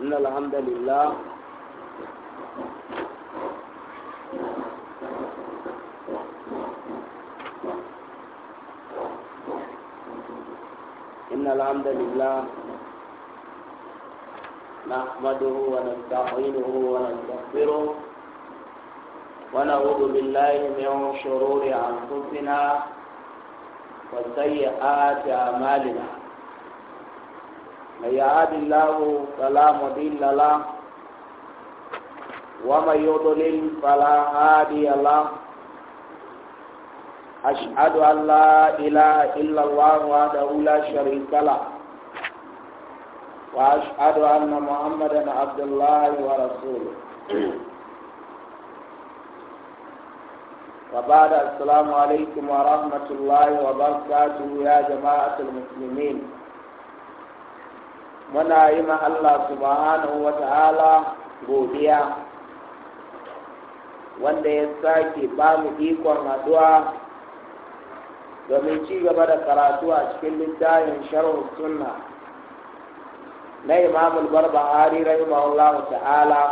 إن الحمد لله إن الحمد لله نحمده ونستعينه ونستغفره ونعوذ بالله من شرور أنفسنا وسيئات أعمالنا من يهد الله فلا مضل له ومن يضلل فلا هادي له أشهد أن لا إله إلا الله وحده لا شريك له وأشهد أن محمدا عبد الله ورسوله وبعد السلام عليكم ورحمة الله وبركاته يا جماعة المسلمين muna yi ma Allah subhanahu wa ta'ala godiya wanda ya sake ba mu ikon haɗuwa domin ci gaba da karatu a cikin littafin sharhu sunna na imamul barbahari rahimahullah ta'ala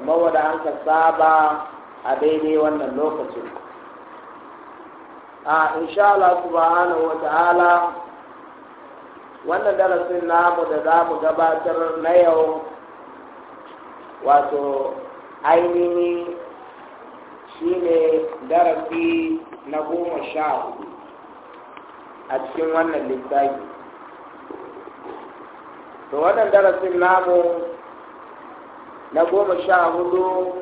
kamar wanda an ka saba a daidai wannan lokacin a insha Allah subhanahu wa ta'ala wannan darasin namu da za mu gabatar na yau wato ainihi ne darasi na goma sha hudu a cikin wannan littafi to wannan darasin namu na goma sha hudu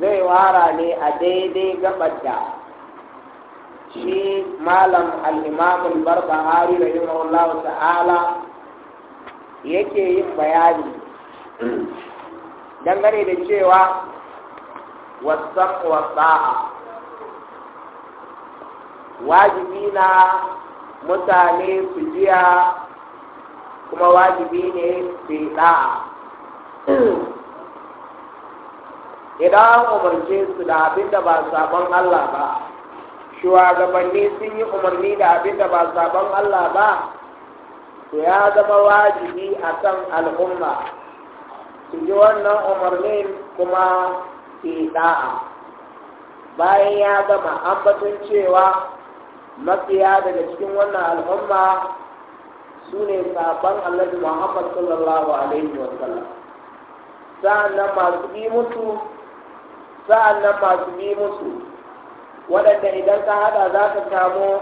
zai wara ne a daidai gabata. shi malam al-imam al-barbahari rahimahullah ta'ala yake yin bayani dangane da cewa wasan wasa'a wajibi na mutane su jiya kuma wajibi ne su yi ɗa'a idan umarce su da abin da ba sabon Allah ba shugabanni sun yi umarni da abin da ba sabon Allah ba to ya zama wajibi a kan al'umma su ji wannan umarnin kuma su yi bayan ya gama an batun cewa mafiya daga cikin wannan al'umma su ne sabon Allah Muhammad sallallahu alaihi wa sallam nan masu bi musu nan masu bi musu waɗanda idan ka hada za ka samu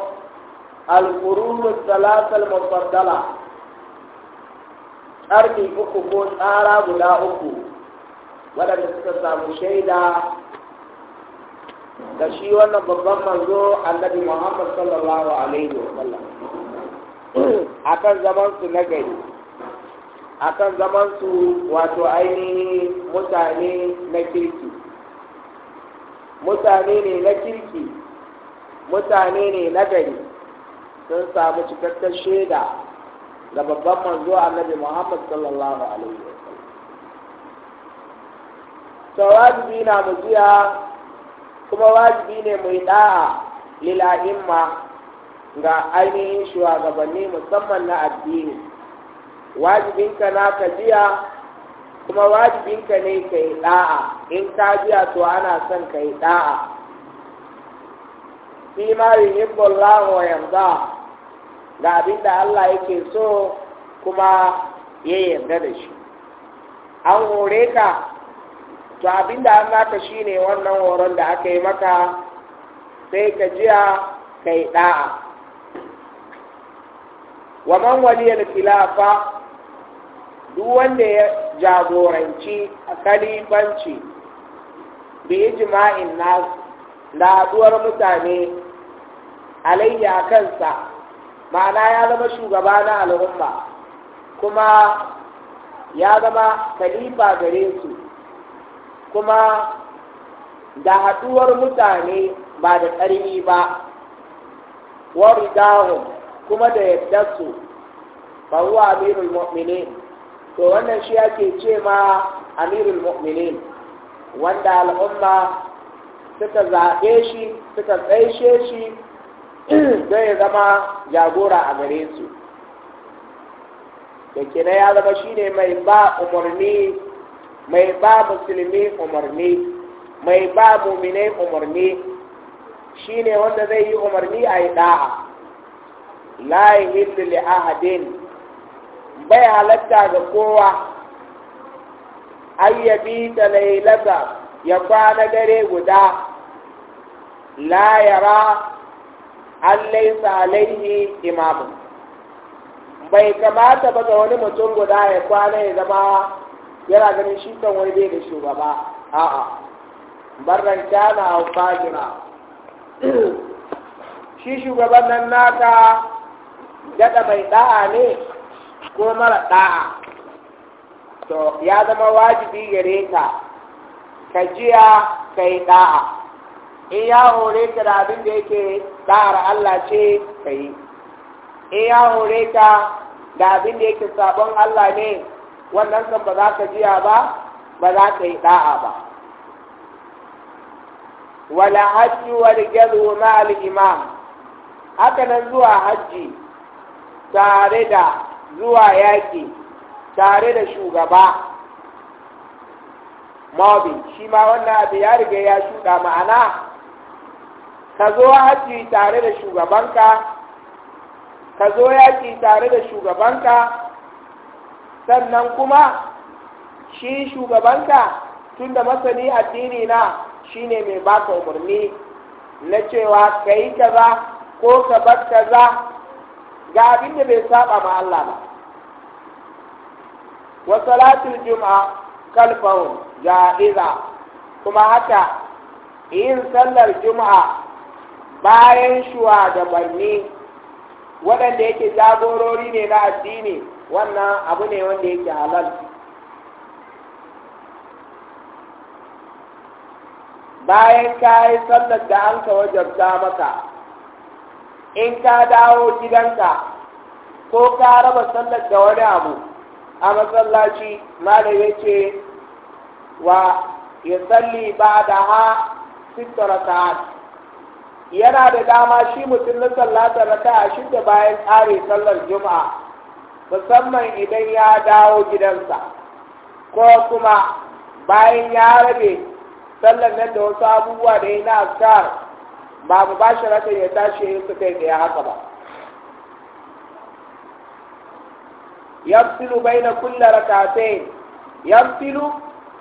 alƙurunu salatar mafardala, ƙarni uku ko tsara guda uku waɗanda suka samu shaida da shi wannan babban manzo annabi muhammad sallallahu alaihi wa sallam A kan zamansu na gari a kan zamansu wato ainihin mutane na kirki mutane ne na kirki mutane ne na gari sun samu cikakken shaida da babban manzo annabi Muhammad sallallahu alaihi wasallam to wajibi na mu jiya kuma wajibi ne mu yi da'a lila'imma ga ainihin shugabanni musamman na addini wajibinka na ka jiya kuma wajibinka ne ka yi ɗa'a in ka biya to ana son ka yi ɗa'a fi ma yuhibbu lahu wa yarda ga abin da Allah yake so kuma ya yarda da shi an hore ka to abin da an naka ne wannan horon da aka yi maka sai ka jiya ka yi ɗa'a wa man waliyar khilafa duk wanda ya jagoranci a kalibanci bi jima'in nasu laduwar mutane alayya kansa ma'ana ya zama shugaba na al'umma kuma ya zama kalifa gare su kuma da haɗuwar mutane ba da ƙarfi ba waridahum kuma da yadda su faruwa amirul mu'minin to wannan shi ake ce ma amirul mu'minin wanda al'umma suka zaɓe shi suka tsaishe shi don ya zama jagora a gare su da kina ya zama shine mai ba umarni mai ba musulmi umarni mai ba mumine umarni Shi ne wanda zai yi umarni a yi ɗa'a. la yahillu li ahadin bai halatta ga kowa ayyabi ta lailata ya kwana dare guda la an laisa alaihi imamu bai kamata ba ga wani mutum guda ya kwana ya zama yana ganin shi kan wani bai da shugaba a'a barran a fajira shi shugaban nan naka gada mai da'a ne ko mara da'a to ya zama wajibi gare ka ka jiya ka yi da'a in ya hore ka da abin da yake da'ar Allah ce ka yi in ya hore ka da abin da yake sabon Allah ne wannan kan ba za ka jiya ba ba za ka yi da'a ba wala hajji wal jazu ma al imam haka nan zuwa hajji tare da zuwa yaƙi tare da shugaba mobin shi ma wannan abu ya riga ya shuɗa ma'ana ka zo hajji tare da shugabanka ka zo yaƙi tare da shugabanka sannan kuma shi shugabanka tun da masani addini na shine mai baka umarni na cewa ka yi kaza ko ka bar kaza ga abin da bai saba ma Allah ba wa salatul jum'a kalfahu ja'iza kuma haka yin sallar jum'a bayan shuwa da banni waɗanda yake jagorori ne na addini wannan abu ne wanda yake halal bayan ka sallar da an ka wajabta maka in ka dawo gidanka ko ka raba sallar da wani abu a masallaci malam ya ce wa ya salli ba da ha sita raka'at yana da dama shi mutum na sallatar shi da bayan tsare sallar juma'a musamman idan ya dawo gidansa ko kuma bayan ya rabe sallar nan da wasu abubuwa da ya na askar ba mu ba shi rata ya tashi yin su kai ya haka ba yafsilu baina kulli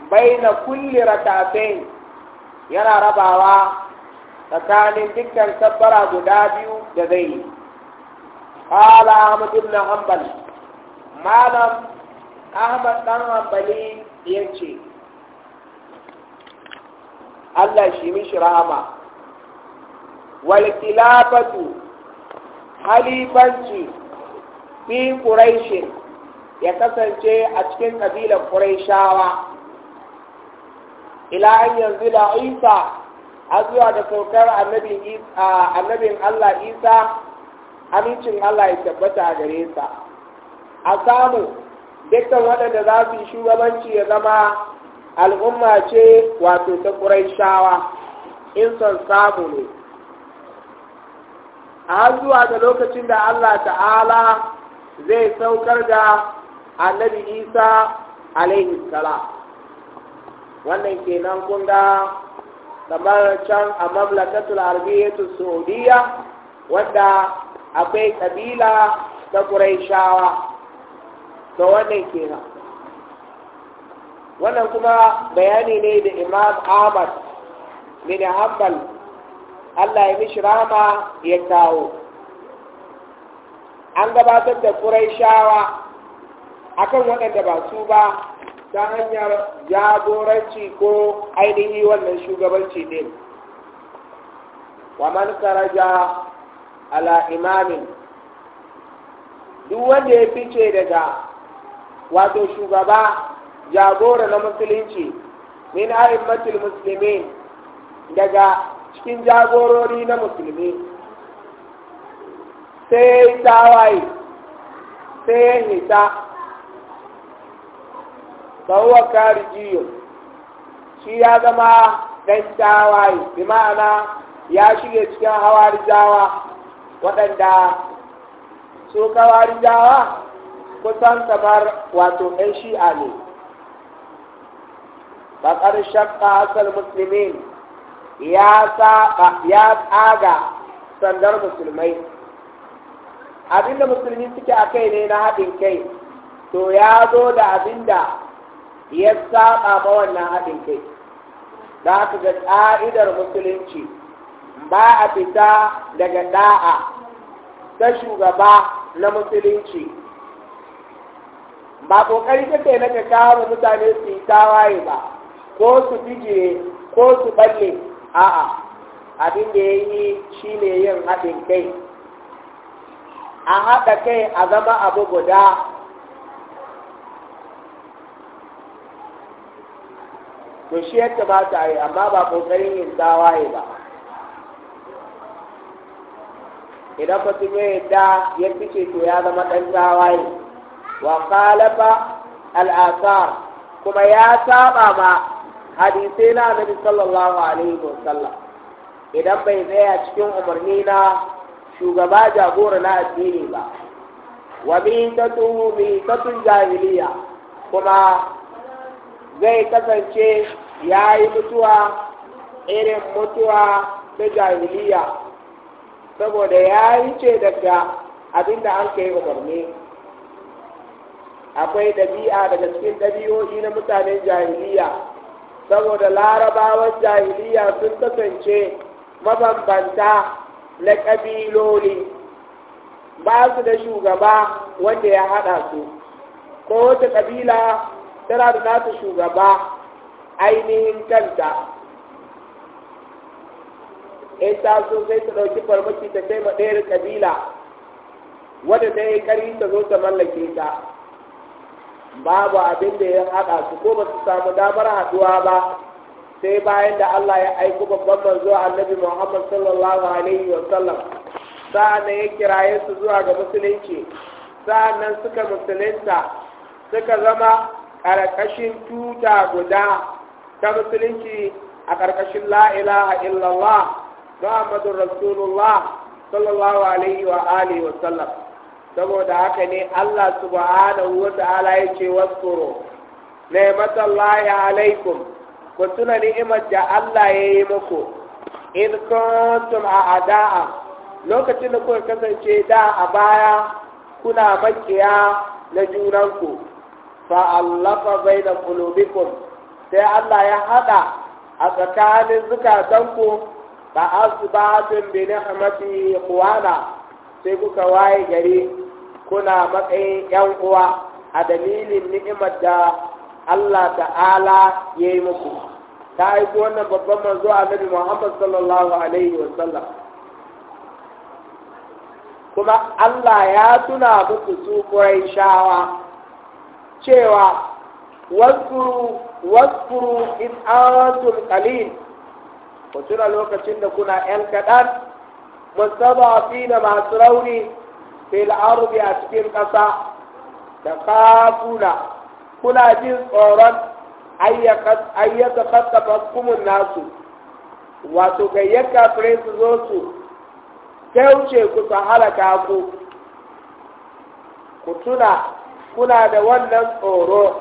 bai na kulle kulli rak'atayn yana rabawa tsakanin dukkan kabbara guda biyu da zai yi Kala ahmad ibn hanbal malam ahmad dan hanbali ce. Allah shi mishi rahama walƙilafatu halifanci fi ƙuraishin ya kasance a cikin ƙabilar ƙuraishawa ila an yanzu da isa a zuwa da saukar annabin allah isa amincin allah ya tabbata a gare sa a samu dukkan waɗanda za su yi shugabanci ya zama al'umma ce wato ta ƙuraishawa in son samu ne har zuwa ga lokacin da Allah ta'ala zai saukar da annabi isa alaihi sala wannan kenan kun ga kamar can a mamlakatul arbiyatu saudiya wanda akwai kabila ta kuraishawa to wannan kenan wannan kuma bayani ne da imam ahmad bin hanbal Allah ya mishi rama ya kawo an gabatar da ƙuraishawa akan waɗanda ba su ba ta hanyar jagoranci ko ainihi wannan shugabanci ɗin wa man karaja ala imamin duk wanda ya fice daga wato shugaba jagora na musulunci min a'immatul muslimin daga cikin jagorori na musulmi sai ya yi tawaye sai ya hita sauwa jiyo. shi ya zama ɗan tawaye bi ma'ana ya shige cikin hawari jawa waɗanda su kawari jawa kusan kamar wato ɗan shi'a ne ba ƙarshen asal musulmi ya saba ya tsaga sandar musulmai abinda musulmi suke a kai ne na haɗin kai to ya zo da abinda ya saba ba wannan haɗin kai Za su ga ƙa'idar musulunci ba a fita daga ɗa'a ta shugaba na musulunci ba ƙoƙari kake na ka kawo mutane su yi tawaye ba ko su bijire ko su ɓalle. a'a abin da ya yi shi ne yin haɗin kai a haɗa kai a zama abu guda to shi yadda ba ta yi amma ba ƙoƙarin yin tawaye ba idan su ya yadda ya fice to ya zama ɗan tawaye wa khalafa al'asar kuma ya saba ba. hadisai na annabi sallallahu alaihi wa sallam idan bai tsaya cikin umarni na shugaba jagora na addini ba wa mitatu mitatun jahiliya kuma zai kasance ya yi mutuwa irin mutuwa ta jahiliya saboda ya yi ce daga abinda an yi umarni akwai ɗabi'a daga cikin ɗabi'o'i na mutanen jahiliya saboda larabawan jahiliya sun kasance mabambanta na ƙabiloli ba su da shugaba wanda ya haɗa su ko wata ƙabila tana da nata shugaba ainihin kanta in ta so sai ta ɗauki farmaki ta kai ma ɗayar ƙabila wadda ta yi ƙari ta zo ta mallake ta babu abin da ya haɗa su ko ba su samu damar haɗuwa ba sai bayan da Allah ya aiko babban manzo annabi Muhammad sallallahu alaihi wa sallam sa'annan ya kiraye su zuwa ga musulunci sa'annan suka musulunta suka zama ƙarƙashin tuta guda ta musulunci a ƙarƙashin la ilaha illallah Muhammadur Rasulullah sallallahu alaihi wa alihi wa sallam saboda haka ne Allah subhanahu wa ta'ala yake waskuro ni'matallahi alaikum ku tuna ni'imar da Allah ya yi muku in kuntum a'da'a lokacin da kuka kasance da a baya kuna makiya na junanku fa allafa baina qulubikum sai Allah ya hada a tsakanin zukatanku ba asbatun bi ni'mati quwana sai kuka waye gari kuna matsayin yan uwa a dalilin ni'imar da Allah ta'ala ya yi muku ta aiko wannan babban manzo nabi Muhammad sallallahu alaihi wa sallam kuma Allah ya tuna muku su shawa cewa waskuru waskuru in antum qalil ku tuna lokacin da kuna yan kaɗan mustadafina masu rauni fil ardi a cikin ƙasa da kafuna kuna jin tsoron ayyaka kasafa kumun nasu wato gayyaka fure su zo su kyauce ku su halaka ku ku tuna kuna da wannan tsoro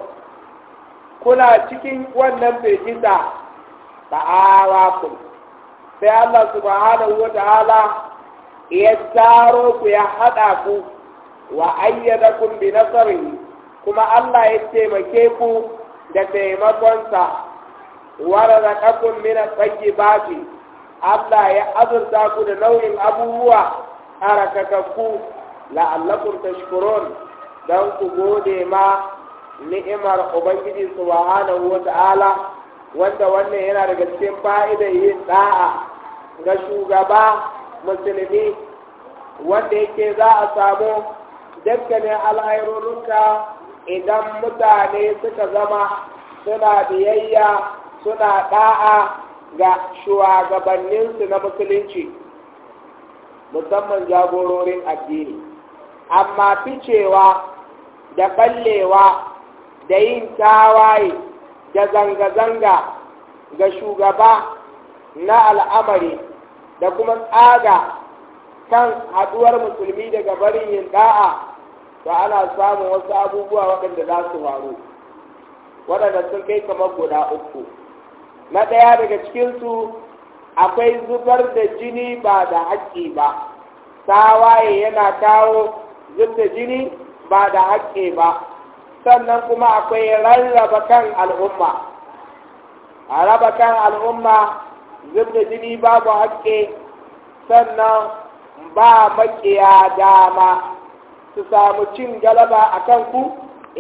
kuna cikin wannan firgita ba kuma sai Allah subhanahu wa ta'ala ya taro ku ya haɗa ku wa ayyada kun bi nasarihi kuma Allah ya taimake ku da taimakonsa wa mina tsaki ba fi. Allah ya azurta ku da nau'in abubuwa harakakakku la'allakun tashkurun don ku gode ma ni'imar ubangiji subhanahu wa ta'ala wanda wannan yana daga cikin fa'idar yin da'a ga shugaba musulmi wanda yake za a samu dukkanin al'airurruka idan mutane suka zama suna biyayya suna ɗa'a ga shugabanninsu na musulunci musamman jagororin addini amma ficewa da ɓallewa da yin tawaye da zanga-zanga ga shugaba na al'amari da kuma tsaga kan haɗuwar musulmi daga barin yin ɗa'a, to ana samun wasu abubuwa waɗanda za su faru waɗanda sun kai kamar guda uku na ɗaya daga cikinsu akwai zubar da jini ba da haƙƙi ba tawaye yana kawo zub da jini ba da haƙƙi ba sannan kuma akwai rarraba kan al'umma a raba kan al'umma zub da jini babu haske sannan ba makiya dama su samu cin galaba a kanku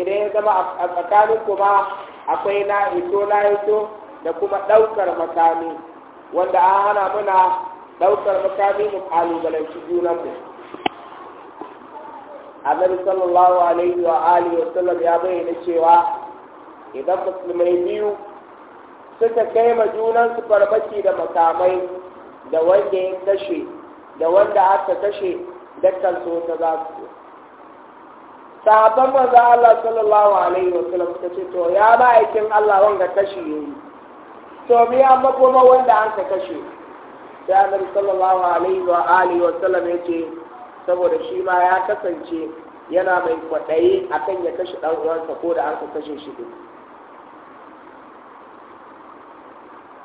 idan ya zama a tsakanin kuma akwai na hito na da kuma ɗaukar makami wanda an hana muna ɗaukar makami mu ƙalubalanci junanmu annabi sallallahu alaihi wa alihi wa sallam ya bayyana cewa idan musulmai biyu suka kai ma su farmaki da makamai da wanda ya kashe da wanda aka kashe dukkan su ta za su sahabban manzo Allah sallallahu alaihi wa sallam suka ce to ya aikin Allah wanga kashe yayi to me an makoma wanda an ka kashe sai annabi sallallahu alaihi wa alihi wa sallam ya ce saboda shi ma ya kasance yana mai kwaɗayi akan ya kashe ɗan uwansa ko da an ka kashe shi duk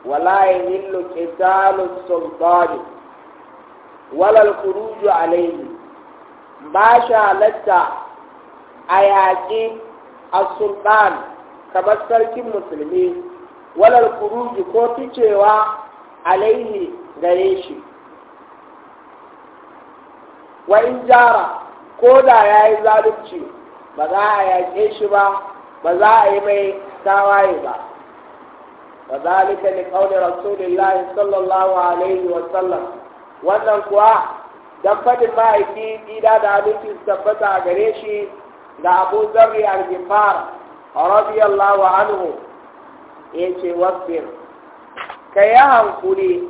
wala yahillu qitalu sultani walal al-khuruju ba sha latta a yaƙi a sultan kamar sarkin musulmi walal al ko ficewa alaihi gare shi wa in jara ko da ya yi zalunci ba za a yaƙe shi ba ba za a yi mai tawaye ba wa zalika li qawli rasulillahi sallallahu alaihi wa sallam wannan kuwa dan fadin ma'aiki ida da abinci tabbata a gare shi da Abu Zarri al-Ghifar radiyallahu anhu yace wasbir kai hankuri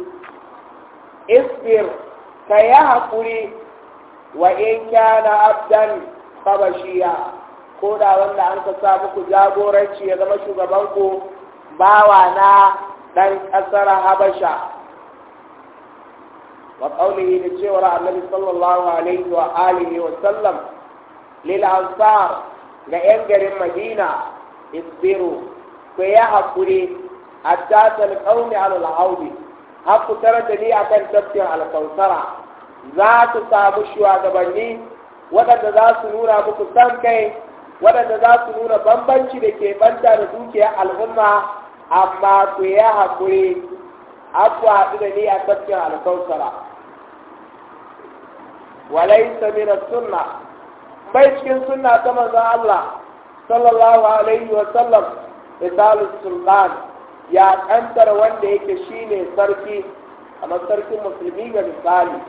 isbir kai hankuri wa in kana abdan fabashiya ko da wanda an sa muku jagoranci ya zama shugabanku bawa na ɗan ƙasar habasha wa ƙaunihi da cewar annabi sallallahu alaihi wa alihi wa sallam lil ansar ga 'yan garin madina isbiru ku ya haƙuri hatta talqauni ala al-haudi haƙu da ni akan tafsir al-kausara za su samu shugabanni waɗanda za su nuna muku san kai waɗanda za su nuna bambanci da ke banta da dukiyar al'umma amma ku yi haƙuri an haɗu da ni a tafkin alkausara walai samira sunna bai cikin sunna ta manzon Allah sallallahu alaihi wa sallam misalin sultan ya kantar wanda yake shine sarki a sarkin musulmi ga misali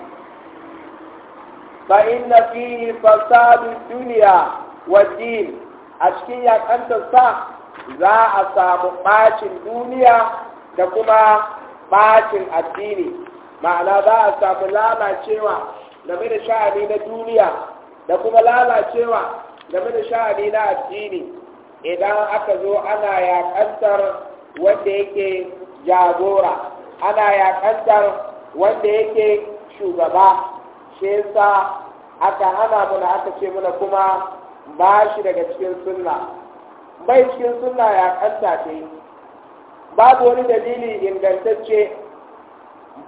فإن فيه فساد الدنيا والدين أشكي أنت صح za a samu ɓacin duniya da kuma ɓacin addini ma'ana za a samu lalacewa game da sha'ani na duniya da kuma lalacewa game da sha'ani na addini idan aka zo ana yaƙantar wanda yake jagora ana yaƙantar wanda yake shugaba shi yasa aka hana muna aka ce mana kuma ba shi daga cikin sunna bai cikin sunna ya kanta ce babu wani dalili ingantacce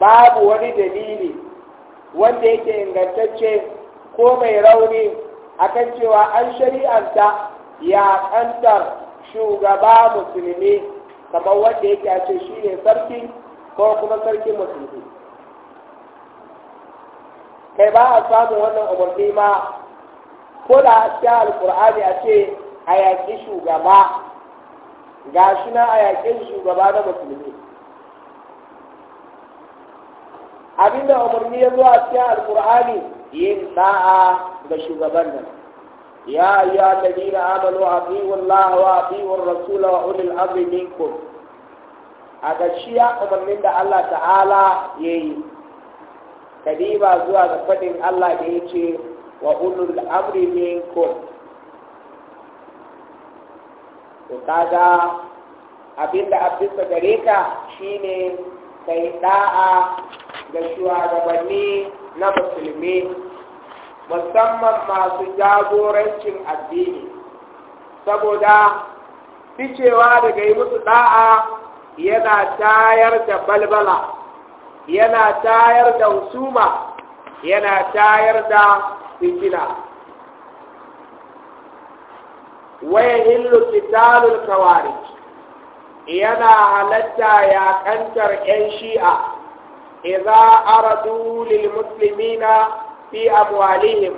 babu wani dalili wanda yake ingantacce ko mai rauni akan cewa an shari'anta ya kantar shugaba musulmi kamar wanda yake a ce shi ne sarki ko kuma sarki musulmi kai ba a samun wannan umarni ma ko da a cikin alkur'ani a ce a yaƙi shugaba ga shi na a yaƙin shugaba na musulmi abinda umarni ya zo a cikin alkur'ani yin da'a ga shugaban nan يا أيها الذين rasulawa أطيعوا الله وأطيعوا الرسول وأولي الأمر منكم umarnin da Allah Ta'ala ya yi. kadiba zuwa ga faɗin Allah da ya ce wa ulul amri minkum to kaga abinda abinda gare ka shine kai da'a ga shugabanni na musulmi musamman masu jagorancin addini saboda ficewa daga yi musu ɗa'a yana tayar da balbala yana tayar da husuma yana tayar da fitina waya illu kitalul kawarij yana halatta ya kantar 'yan shi'a idza aradu lil muslimina fi abwalihim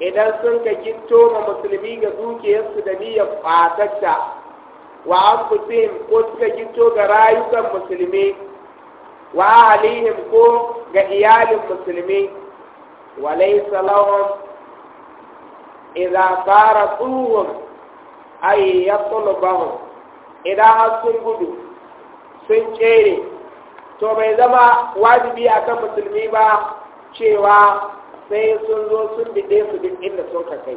idan sun ka ginto ma musulmi ga dukiyarsu da niyyar fatatta wa anfusihim ko suka ga rayukan musulmi wa alihim ko ga iyalin musulmi wa laysa lahum idza faratuhum ay yatlubu idan har sun gudu sun to bai zama wajibi akan musulmi ba cewa sai sun zo sun bide su duk inda sun ka kai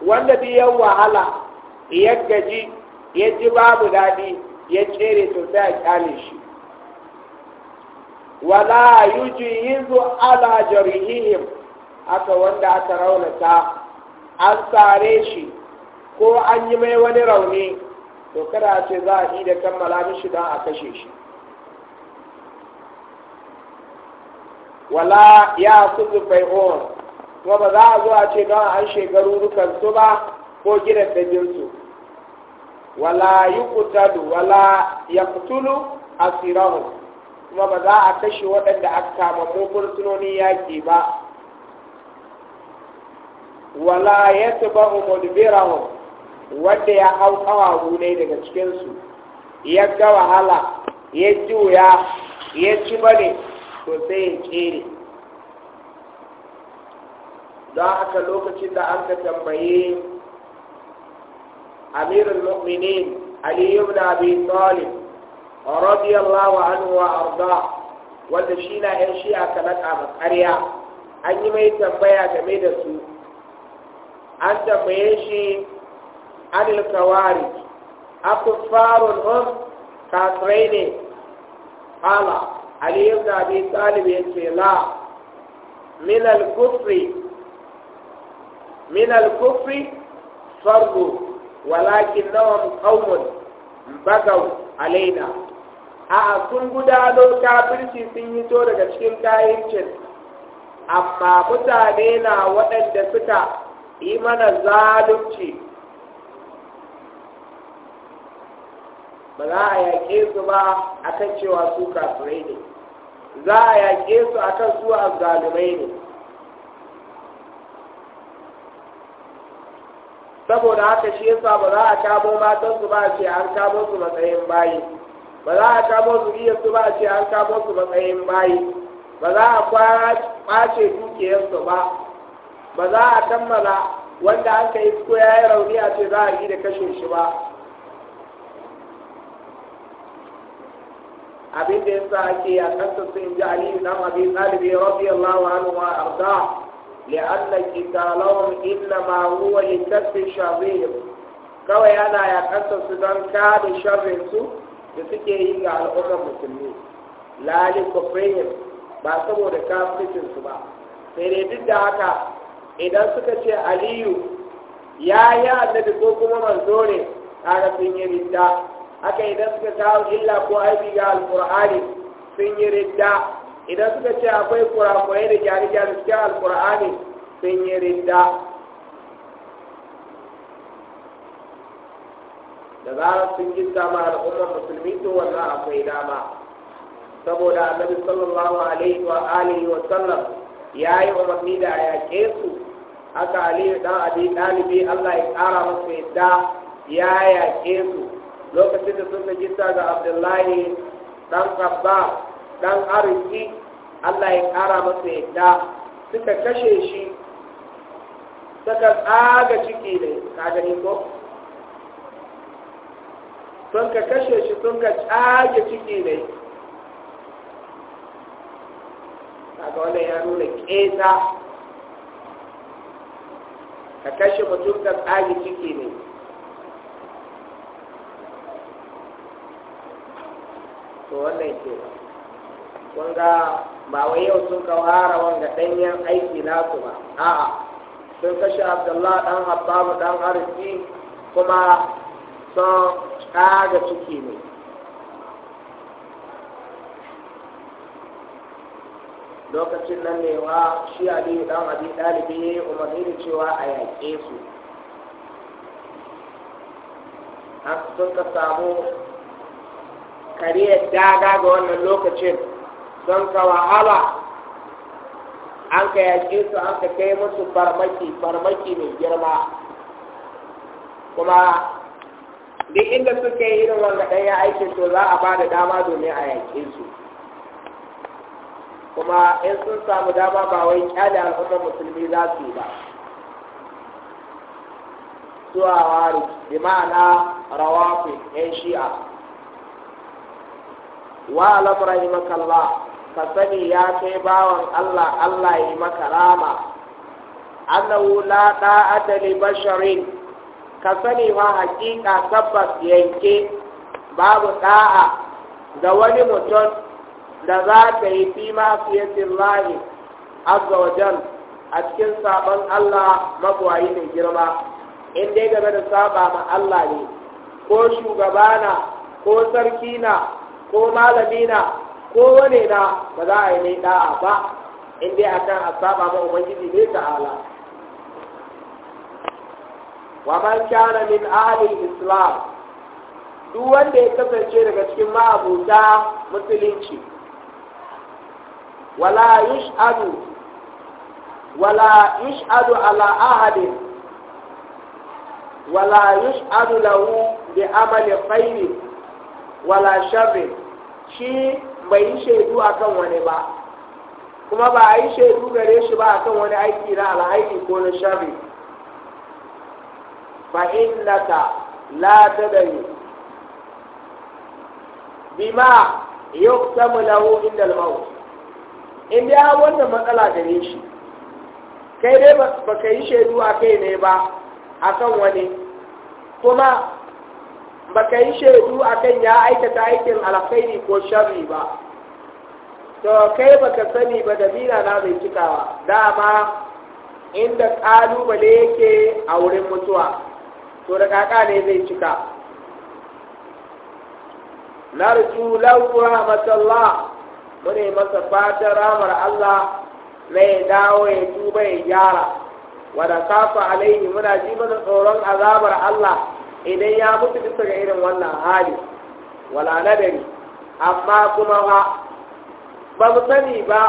wanda biyan wahala ya gaji ya ji babu daɗi ya tsere to sai a kyale shi wala yujizu ala jarihihim aka wanda aka raunata an sare shi ko an yi mai wani rauni to kada a ce za a yi da kammala mishi don a kashe shi wala ya kuzu bai'on kuma ba za a zo a ce don an shekaru dukansu ba ko gidan dajinsu wala yi kutadu wala ya kutulu tsirahun kuma ba za a kashe waɗanda aka kama ko ya yaƙi ba wala ya tuba umudbirahum wanda ya hau ƙawawu ne daga cikinsu ya ga wahala ya ji wuya, ya ci bane to sai ya ƙere don haka lokacin da an ka tambaye amirul mu'minin ali na abin talib رضي الله عنه وأرضاه والدشينا كما كانت أمسحريا أني ما يتنبيع جميدة سوء أنت فيشي عن الكوارج أكفار هم كاترين قال علي بن أبي طالب لا من الكفر من الكفر فرض ولكنهم قوم بقوا علينا a sun gudano kafirci sun yi to daga cikin kayancin amma mutane na waɗanda suka yi mana zalunci ba za a yaƙe su ba a kan cewa su kafirai ne za a yaƙe su a kan su azzalumai ne saboda haka shi yasa ba za a kamo matansu ba ce an kamo su matsayin bayi ba za a kamo su ba a ce an kamo su matsayin bayi ba za a kwace dukiyarsu ba ba za a kammala wanda an ka isko ya yi rauni a ce za a yi da kashe shi ba abin da yasa ake a kansa sun ji aliyu dan abi talib radiyallahu anhu wa arda لأن قتالهم إنما هو لكسب شرهم kawai yana ya su don kada su. da suke yi ga al'ummar musulmi lali kufrihim ba saboda su ba sai dai duk da haka idan suka ce aliyu ya yi annabi ko kuma manzo ne kaga sun yi ridda haka idan suka kawo illa ko aibi ga alqur'ani sun yi ridda idan suka ce akwai kurakurai da gyare-gyare cikin alkur'ani sun yi ridda da zarar sun gitta da umar musulmi to wanda akwai dama saboda annabi sallallahu alaihi wa alihi wa sallam ya yi umarni da ya yaƙe su aka aliyu da abi ɗalibi Allah ya kara musu yadda ya yaƙe su lokacin da suka gitta ga abdullahi dan qabba dan arziki Allah ya kara musu yadda suka kashe shi suka tsaga ciki ne ka gani ko sun ka kashe shi sun ka cage ciki ne kaga wani ya nuna ƙeta ka kashe mutum ka tsage ciki ne to wannan ke kun ga ba wai yau sun ka wara wanda ɗanyen aiki nasu ba a'a sun kashe abdullahi ɗan habbabu ɗan arziki kuma sun kaga ciki ne lokacin nan ne wa shi aliyu dan abi dalibi ne kuma umarni da cewa a yaƙe su an suka samu kariyar daga ga wannan lokacin don ka wahala an ka yaƙe su an ka kai musu farmaki farmaki mai girma kuma duk inda suke yi irin wanga ɗaya aikin to za a ba dama domin a yaƙe su kuma in sun samu dama ba wai kyada al'ummar musulmi za su yi ba zuwa wari bi ma'ana rawafi yan shi'a wa maka rahimakallah ka sani ya kai bawan Allah Allah yi maka rama annahu la da'ata li basharin ka sani ma hakika tabbas yanke babu da'a da wani mutum da za ka yi fi da lahi azza wa jal a cikin sabon Allah magwayi mai girma in dai gaba da saba ma Allah ne ko shugabana ko sarki na ko malami na ko wane na ba za a yi mai da'a ba in dai akan a saba ma ubangiji ne ta'ala wa man kana min ahli islam duk wanda ya kasance daga cikin ma'abuta musulunci wala yush'adu wala yush'adu ala ahadin wala yush'adu lahu bi amali khairi wala sharri shi bai yi shaidu akan wani ba kuma ba a yi shaidu gare shi ba akan wani aiki na alhaiki ko na sharri فإنك لا تدري yau يختم له inda الموت in dai har wannan matsala gare shi kai dai ba ka yi shaidu a kai ne ba a kan wani kuma ba ka yi shaidu a kan ya aikata aikin alkhairi ko sharri ba to kai ba ka sani ba da mina na mai cikawa dama inda ƙalubale yake a wurin mutuwa to da kaka ne zai cika narju lahu rahmatullah mune masa fatan ramar Allah na ya dawo ya tuba ya gyara wadda kafa alaihi muna ji mana tsoron azabar Allah idan ya mutu bisa ga irin wannan hali wala nadari amma kuma ba ba mu sani ba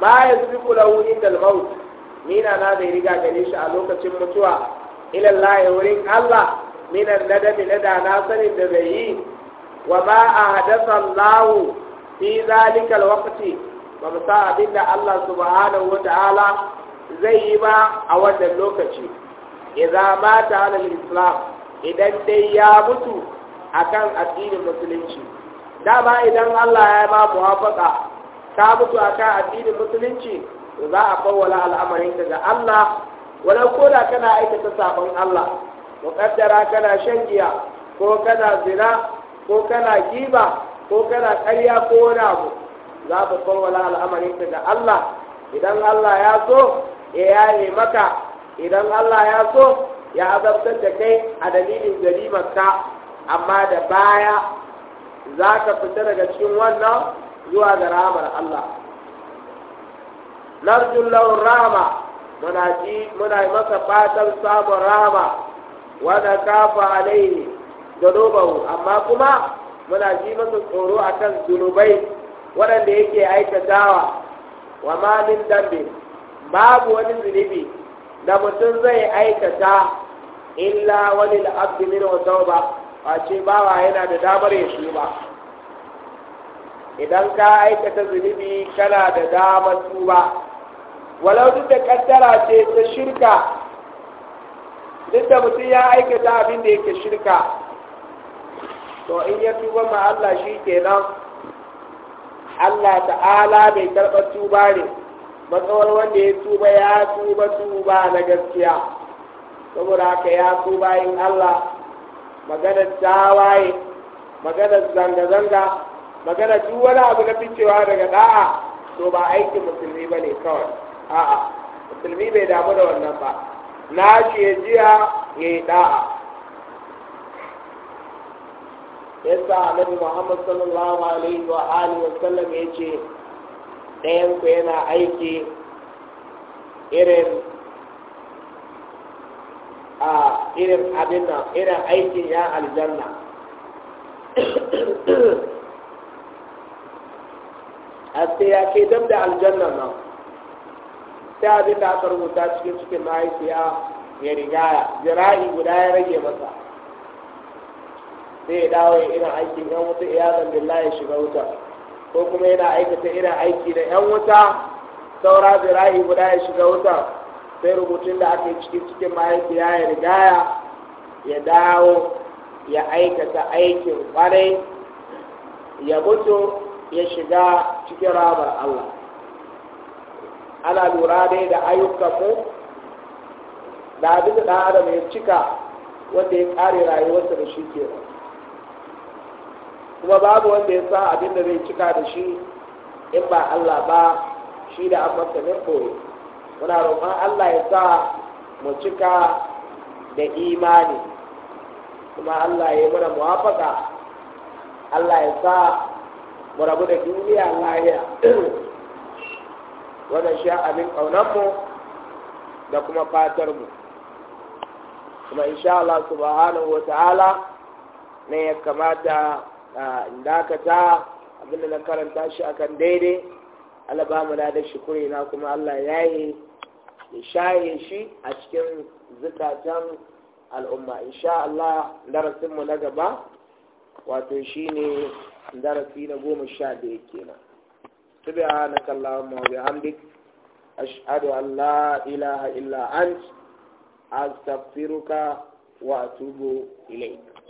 ma ya zubi kula wurin dalmaut nina na zai riga gare shi a lokacin mutuwa ilallahi wurin Allah minan nadami na da na sanin da zai yi wa ma a hadasa Allah fi zalikal waqti ba mu sa abin da Allah subhanahu wa ta'ala zai yi ba a wannan lokaci idza mata ala islam idan dai ya mutu akan addinin musulunci dama idan Allah ya ba muwafaka ta mutu akan addinin musulunci za a kawwala al'amarin ga Allah wala ko da kana aikata sabon Allah Muƙaddara kana shan giya ko kana zina ko kana giba ko kana ƙarya ko wani abu za ka kawwala al'amarin ka ga Allah idan Allah ya so ya yare maka idan Allah ya so ya azabtar da kai a dalilin jarimarka amma da baya za ka fita daga cikin wannan zuwa ga rahamar Allah narjun lahun Rahma. muna ji muna masa fatan samun rama wanda kafa alaihi zunubahu amma kuma muna ji masa tsoro akan zunubai waɗanda yake aikatawa wa ma dambe babu wani zunubi da mutum zai aikata illa wani al'abdi min wa tauba ba ce bawa yana da damar ya shi ba idan ka aikata zunubi kana da damar tuba walau duk da kaddara ce ta shirka duk da mutum ya aikata abin da yake shirka to in ya tuba ma Allah shi ke nan Allah ta'ala bai karɓa tuba ne matsawar wanda ya tuba ya tuba tuba na gaskiya saboda haka ya tuba in Allah maganar tawaye maganar zanga-zanga maganar duk wani abu na ficewa daga da'a to ba aikin musulmi ba ne kawai a'a musulmi bai damu da wannan ba na shi ya jiya ya yi da'a yasa annabi muhammad sallallahu alaihi wa alihi wa sallam ya ce ɗayan ku yana aiki irin a irin abin nan irin aikin ya aljanna a ya ke dam da aljanna nan sai abin da aka rubuta cikin cikin mahaifiya ya rigaya jira'i guda ya rage masa sai ya dawo ya irin aikin yan wuta zan billah ya shiga wuta ko kuma yana aikata irin aiki da yan wuta saura jira'i guda ya shiga wuta sai rubutun da aka yi cikin cikin mahaifiya ya rigaya ya dawo ya aikata aikin kwarai ya mutu ya shiga cikin rabar Allah ana lura dai da ayyukanmu da abin da ɗan adam ya cika wanda ya ƙare rayuwarsa da shi ke kuma babu wanda ya sa abin da zai cika da shi in ba Allah ba shi da an masa ne kore muna roƙon Allah ya sa mu cika da imani kuma Allah ya yi mana muwafaka Allah ya sa mu rabu da duniya lahiya wannan sha abin ƙaunanmu da kuma fatarmu kuma insha Allah subhanahu wa ta'ala ne ya kamata in dakata abinda na karanta shi akan daidai Allah na da da shukuri na kuma Allah ya yi ya shaye shi a cikin zukatan al'umma insha Allah darasinmu na gaba wato shine darasi na goma sha da kenan subhanaka allahumma wa bihamdik ashhadu an la ilaha illa a astaghfiruka wa atubu ilayk